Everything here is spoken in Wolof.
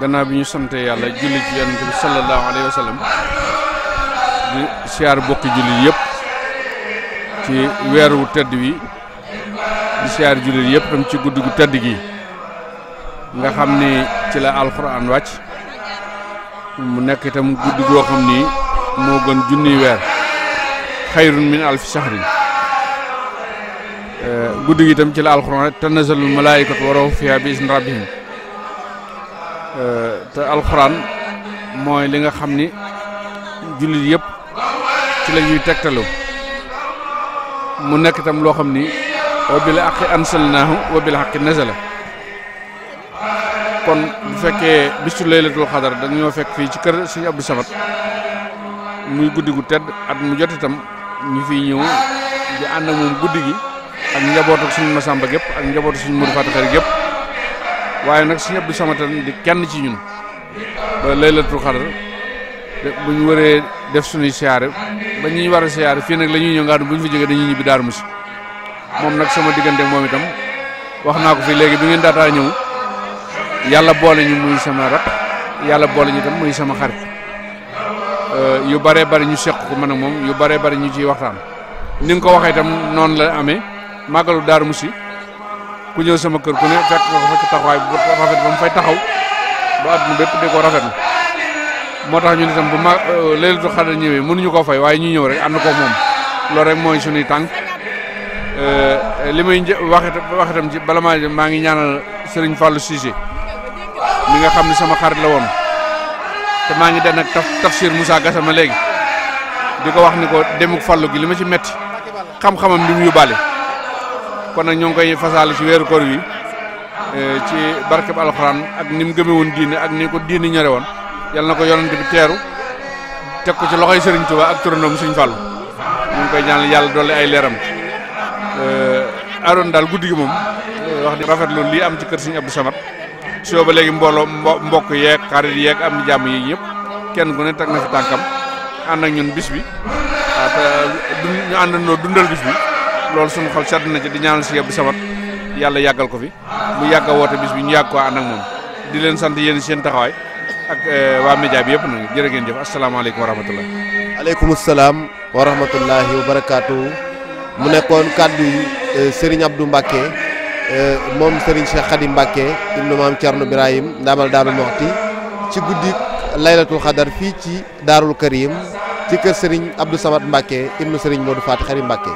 gannaaw bi ñu sante yàlla julli ci yonent bi sallallahu alayhi wa sallam di siyaar bokki jullit yëpp ci weer wu tedd wi di siyaar jullit yëpp tam ci guddi gu tedd gi nga xam ni ci la alxuraan wàcc mu nekk itam guddi goo xam ni moo gën junniy weer xayrun min alfi eh, guddi gi itam ci la alxuraan tanazalul malaayikatu wa ruuhu bi izni rabbihim Euh, te alxuraan mooy li nga xam ni jullit yëpp ci la ñuy tegtalu mu nekk itam loo xam ni wa bil haqqi ansalnaahu wa bil haqqi nazala kon bu fekkee bisu laylatul xadar ñoo fekk fii ci kër suñu Abdou Samad muy guddi gu tedd at mu jot itam ñu fiy ñëw di ànd ak moom guddi gi ak njabootu suñu Masamba gépp ak njabootu suñu Modou Faty Khary gépp waaye nag si Abdou Samatan di kenn ci ñun ba laylatul xadar bu ñu waree def suñuy siyaare ba ñuy war a siyaare fii nag la ñuy ñëw Ngaadum bu ñu fa jógee dañuy bi Daaru Musi moom nag sama diggante moom itam wax naa ko fii léegi bi ngeen daataa ñëw yàlla boole ñu muy sama rak yàlla boole ñu itam muy sama xarit euh, yu baree bari ñu seq ko man ak moom yu baree bari ñu ciy waxtaan ni nga ko waxee itam noonu la amee màggalu Daaru Musi ku ñëw sama kër ku ne fekk nga ko fekk taxawaay bu rafet ba mu fay taxaw ba àdduna bekk di ko rafetlu moo tax ñu ni tam bu ma euh, Laylatul Qadr ñëwee mënuñu koo fay waaye ñu ñëw rek ànd ko moom loolu rek mooy suñuy tànk euh, li may wax wax itam ci bala maa maa ngi ñaanal Serigne Fallou Cissé mi nga xam ni sama xarit la woon te maa ngi den ak taf tafsir Moussa Gassama léegi di ko wax ni ko demuk Fallou gi li ma ci metti xam-xamam li mu yóbbaale. kon nag ñoo ngi koy fasaal ci weeru kor wi eh, ci barkeb alxuraan ak ni mu gëme woon diine ak ni ko diine ñore woon yal na ko yonent bi teeru teg ko ci loxoy Serigne Touba ak turandoom Serigne Fallou ñu ngi koy ñaanal yàlla dolli ay leeram eh, aroon daal guddi gi moom eh, wax di rafetlu lii am ci kër Serigne Abdou Samad soo ba léegi mbooloo mbokk yeeg xarit yeeg am jàmm yi yëpp kenn ku ne teg na si tànkam ànd ak ñun bis bi ah, du ñu àndandoo dundal bis bi loolu suñu xol sedd na ci di ñaanal si yëpp samat yàlla yàggal ko fi mu yàgga a woote bis bi ñu yàgg koo ànd ak moom di leen sant yéen seen taxawaay ak eh, waa média bi yëpp nag jërë ngeen jëf asalaamaaleykum wa rahmatullah aleykum salaam wa rahmatullahi wa barakaatu mu nekkoon kàddu sëriñ eh, Serigne Abdou Mbacke eh, moom sëriñ Cheikh Khadim Mbacke ibnu maam Thierno Birahim ndaamal daarul moxti ci guddi laylatul xadar fii ci daarul karim ci kër Serigne Abdou Samad Mbacke ibnu Serigne Modou Faty Khary Mbacke